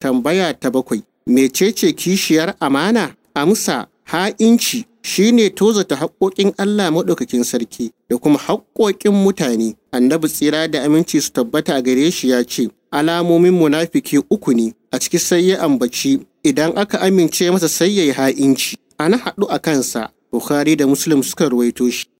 Tambaya ta bakwai, mecece kishiyar amana? Amsa, ha'inci shi ne tozata haƙoƙin Allah maɗaukakin sarki da kuma haƙoƙin mutane. Annabi tsira da aminci su tabbata a gare shi ya ce, alamomin munafiki uku ne, a ciki sai ya ambaci idan aka amince masa sai ya yi ha'inci. An haɗu a kansa, Bukhari da Muslim suka ruwaito shi.